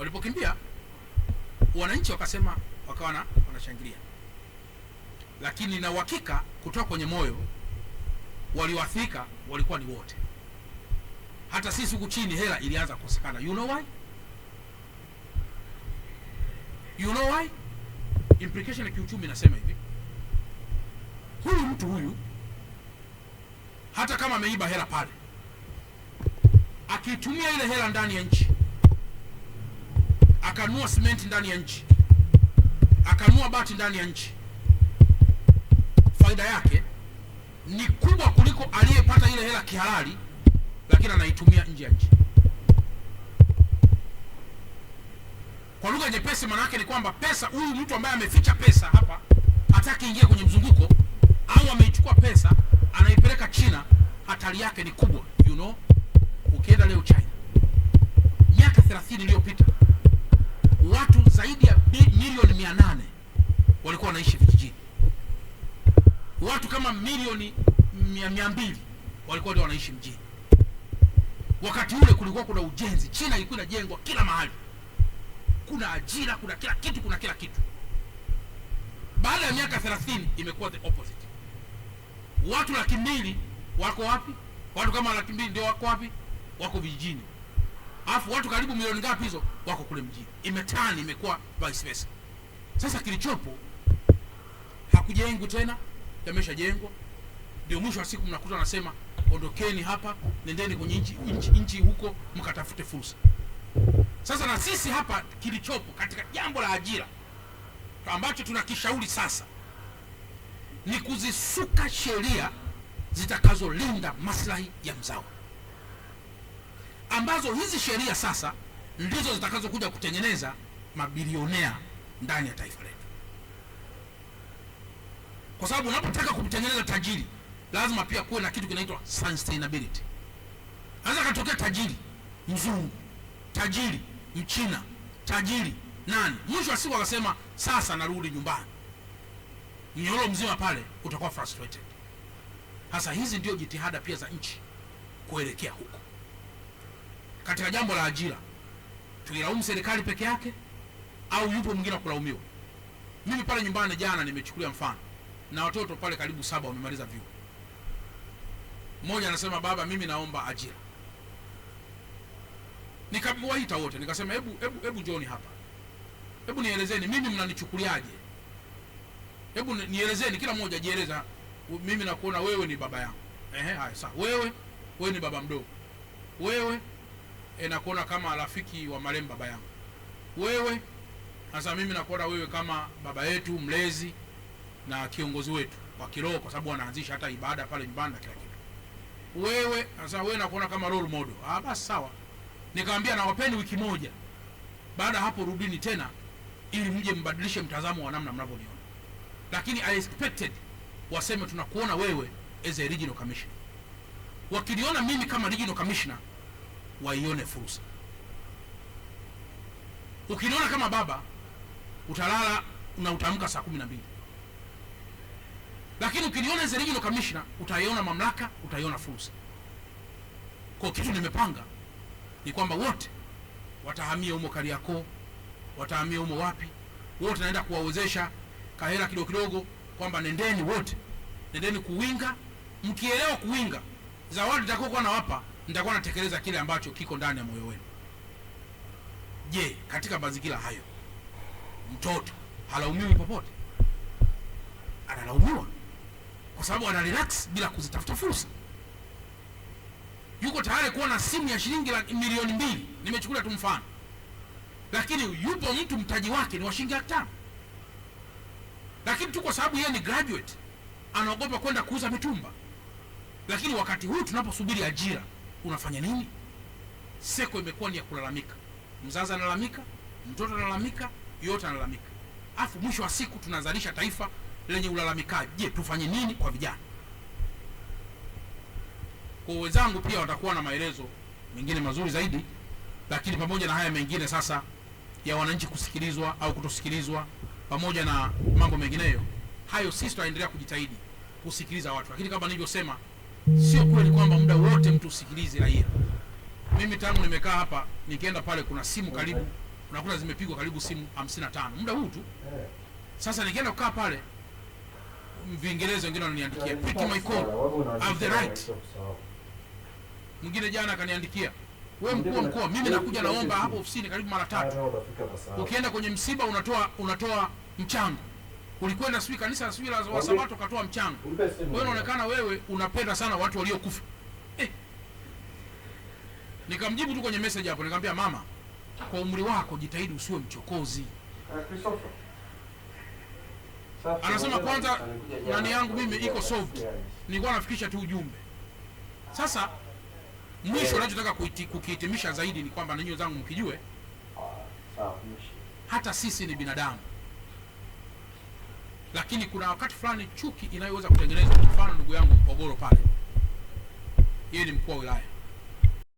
Walipokimbia wananchi wakasema, wakawa wanashangilia, lakini na uhakika kutoka kwenye moyo walioathirika walikuwa ni wote. Hata sisi huku chini hela ilianza kukosekana. You know why? You know why? Implication ya kiuchumi inasema hivi, huyu mtu huyu hata kama ameiba hela pale, akitumia ile hela ndani ya nchi akanunua simenti ndani ya nchi, akanunua bati ndani ya nchi, faida yake ni kubwa kuliko aliyepata ile hela kihalali, lakini anaitumia nje ya nchi. Kwa lugha nyepesi, maana yake ni kwamba pesa, huyu mtu ambaye ameficha pesa hapa, hataki ingie kwenye mzunguko, au ameichukua pesa anaipeleka China, hatari yake ni kubwa. You know, ukienda leo China miaka 30 iliyopita watu zaidi ya milioni mia nane walikuwa wanaishi vijijini, watu kama milioni mia mbili walikuwa ndio wanaishi mjini. Wakati ule kulikuwa kuna ujenzi, China ilikuwa inajengwa kila mahali, kuna ajira, kuna kila kitu, kuna kila kitu. Baada ya miaka 30 imekuwa the opposite. Watu laki mbili wako wapi? Watu kama laki mbili ndio wako wapi? Wako vijijini alafu watu karibu milioni ngapi hizo wako kule mjini, imetani imekuwa vice versa. Sasa kilichopo hakujengwi tena, yameshajengwa. Ndio mwisho wa siku mnakuta wanasema ondokeni hapa, nendeni kwenye nchi nchi huko mkatafute fursa. Sasa na sisi hapa kilichopo katika jambo la ajira ambacho tunakishauri sasa ni kuzisuka sheria zitakazolinda maslahi ya mzawa ambazo hizi sheria sasa ndizo zitakazokuja kutengeneza mabilionea ndani ya taifa letu, kwa sababu unapotaka kumtengeneza tajiri lazima pia kuwe na kitu kinaitwa sustainability. Anaweza katokea tajiri mzungu, tajiri mchina, tajiri nani, mwisho wa siku akasema sasa narudi nyumbani, mnyororo mzima pale utakuwa frustrated. Hasa hizi ndio jitihada pia za nchi kuelekea huko katika jambo la ajira, tuilaumu serikali peke yake au yupo mwingine wa kulaumiwa? Mimi pale nyumbani jana nimechukulia mfano na watoto pale karibu saba wamemaliza vyuo. Mmoja anasema baba, mimi naomba ajira. Nikawaita wote nikasema, hebu hebu hebu John hapa, hebu nielezeni mimi mnanichukuliaje? Hebu nielezeni, kila mmoja jieleza. Mimi nakuona wewe ni baba yangu. Ehe, haya sawa. Wewe wewe ni baba mdogo, wewe e, kama rafiki wa marehemu baba yangu wewe. Sasa mimi nakuona wewe kama baba yetu mlezi na kiongozi wetu wa kiroho, kwa sababu wanaanzisha hata ibada pale nyumbani na kila kitu. Wewe sasa wewe nakuona kama role model. Ah, basi sawa, nikamwambia nawapeni wiki moja, baada ya hapo rudini tena ili mje mbadilishe mtazamo wa namna mnavyoniona, lakini I expected waseme tunakuona wewe as a regional commissioner. wakiliona mimi kama regional commissioner waione fursa. Ukiniona kama baba utalala na utamka saa kumi na mbili, lakini ukiniona as kamishna utaiona mamlaka, utaiona fursa. Kwa kitu nimepanga ni kwamba wote watahamia humo Kariakoo, watahamia umo wapi, wote naenda kuwawezesha kahera kidogo kidogo, kwamba nendeni wote, nendeni kuwinga. Mkielewa kuwinga, zawadi itakuwa nawapa mtakuwa natekeleza kile ambacho kiko ndani ya moyo wenu. Je, katika mazingira hayo mtoto halaumiwi popote? Analaumiwa kwa sababu ana relax bila kuzitafuta fursa. Yuko tayari kuwa na simu ya shilingi milioni mbili, nimechukulia tu mfano, lakini yupo mtu mtaji wake ni wa shilingi laki tano, lakini tu kwa sababu yeye ni graduate anaogopa kwenda kuuza mitumba. Lakini wakati huu tunaposubiri ajira unafanya nini? Seko imekuwa ni ya kulalamika, mzazi analalamika, mtoto analalamika, yote analalamika, afu mwisho wa siku tunazalisha taifa lenye ulalamikaji. Je, tufanye nini kwa vijana? Kwa wenzangu pia watakuwa na maelezo mengine mazuri zaidi, lakini pamoja na haya mengine sasa ya wananchi kusikilizwa au kutosikilizwa, pamoja na mambo mengineyo hayo, sisi tunaendelea kujitahidi kusikiliza watu, lakini kama nilivyosema Sio kweli kwamba muda wote mtu usikilize raia. Mimi tangu nimekaa hapa, nikienda pale kuna simu karibu unakuta zimepigwa karibu simu 55 muda huu tu. Sasa nikienda kukaa pale Viingereza wengine wananiandikia pick my call of the right. Mwingine jana akaniandikia wewe mkuu wa mkoa, mimi nakuja naomba hapo ofisini karibu mara tatu. Ukienda kwenye msiba unatoa unatoa mchango ulikwenda sijui kanisa sijui la Sabato ukatoa mchango. Wewe unaonekana wewe unapenda sana watu waliokufa eh. Nikamjibu tu kwenye message hapo, nikamwambia mama, kwa umri wako jitahidi usiwe mchokozi. Eh, anasema kwanza, nani yangu mimi iko soft, nilikuwa nafikisha tu ujumbe. Sasa mwisho eh. nachotaka kukihitimisha zaidi ni kwamba ninyi wenzangu mkijue, ah, hata sisi ni binadamu lakini kuna wakati fulani chuki inayoweza kutengenezwa. Mfano ndugu yangu Mpogoro pale, yeye ni mkuu wa wilaya